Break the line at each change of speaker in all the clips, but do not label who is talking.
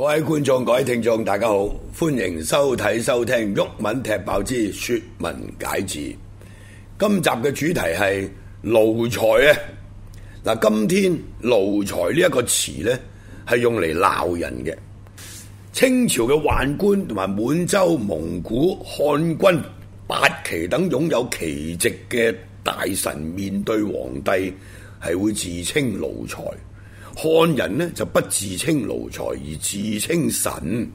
各位觀眾、各位聽眾，大家好，歡迎收睇、收聽《毓民踢爆之說文解字》。今集嘅主題係奴才啊！嗱，今天奴才呢一個詞呢，係用嚟鬧人嘅。清朝嘅宦官同埋滿洲蒙古漢軍八旗等擁有旗籍嘅大臣，面對皇帝係會自稱奴才。漢人咧就不自稱奴才，而自稱臣。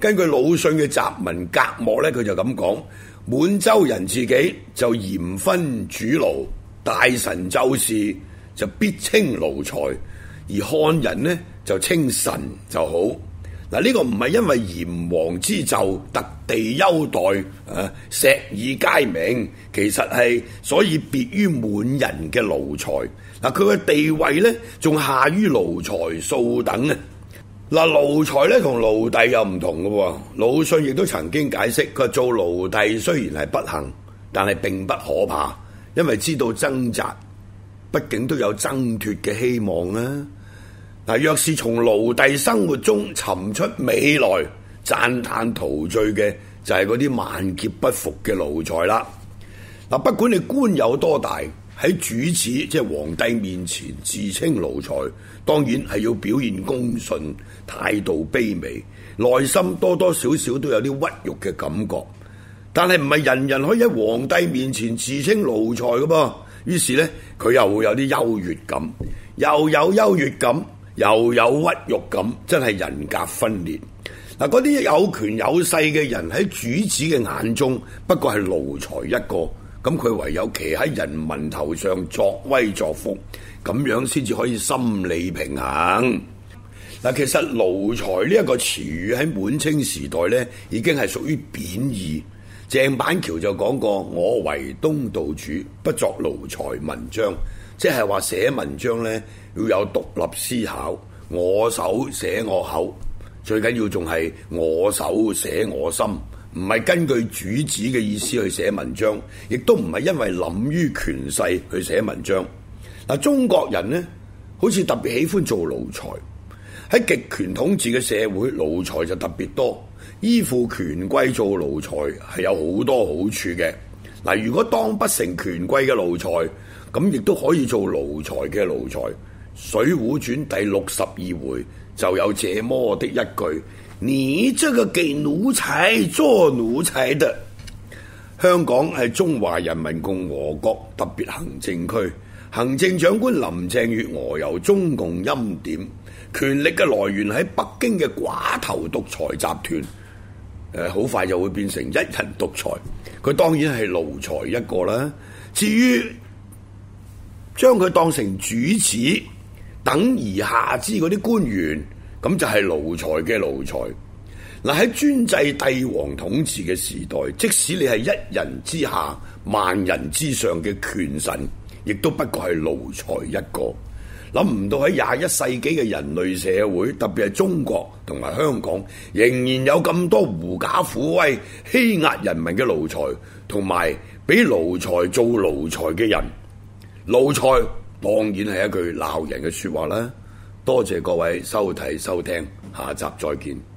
根據魯迅嘅雜文《隔膜》咧，佢就咁講：滿洲人自己就嚴分主奴，大臣奏事就必稱奴才，而漢人咧就稱臣就好。嗱，呢個唔係因為炎黃之胄特地優待，啊，石爾皆名，其實係所以別於滿人嘅奴才。嗱、啊，佢嘅地位咧，仲下於奴才數等啊。嗱，奴才咧同奴隸又唔同嘅喎。魯迅亦都曾經解釋，佢做奴隸雖然係不幸，但係並不可怕，因為知道掙扎，畢竟都有掙脱嘅希望啊。若是從奴隸生活中尋出美來讚嘆陶醉嘅，就係嗰啲萬劫不復嘅奴才啦。嗱，不管你官有多大，喺主子即係皇帝面前自稱奴才，當然係要表現恭順、態度卑微，內心多多少少都有啲屈辱嘅感覺。但係唔係人人可以喺皇帝面前自稱奴才嘅噃。於是呢，佢又會有啲優越感，又有優越感。又有屈辱感，真係人格分裂。嗱，嗰啲有權有勢嘅人喺主子嘅眼中，不過係奴才一個。咁佢唯有騎喺人民頭上作威作福，咁樣先至可以心理平衡。嗱，其實奴才呢一個詞語喺滿清時代呢已經係屬於貶義。鄭板橋就講過：我為東道主，不作奴才文章。即係話寫文章呢，要有獨立思考，我手寫我口，最緊要仲係我手寫我心，唔係根據主子嘅意思去寫文章，亦都唔係因為諗於權勢去寫文章。嗱，中國人呢，好似特別喜歡做奴才，喺極權統治嘅社會，奴才就特別多，依附權貴做奴才係有好多好處嘅。嗱，如果當不成權貴嘅奴才，咁亦都可以做奴才嘅奴才，《水滸傳》第六十二回就有這麼的一句：你即係個寄奴才，捉奴才的。香港係中華人民共和國特別行政區，行政長官林鄭月娥由中共欽點，權力嘅來源喺北京嘅寡頭獨裁集團。誒，好快就會變成一人獨裁，佢當然係奴才一個啦。至於，將佢當成主子，等而下之嗰啲官員，咁就係奴才嘅奴才。嗱，喺專制帝王統治嘅時代，即使你係一人之下、萬人之上嘅權臣，亦都不過係奴才一個。諗唔到喺廿一世紀嘅人類社會，特別係中國同埋香港，仍然有咁多狐假虎威、欺壓人民嘅奴才，同埋俾奴才做奴才嘅人。奴才當然係一句鬧人嘅説話啦，多謝各位收睇收聽，下集再見。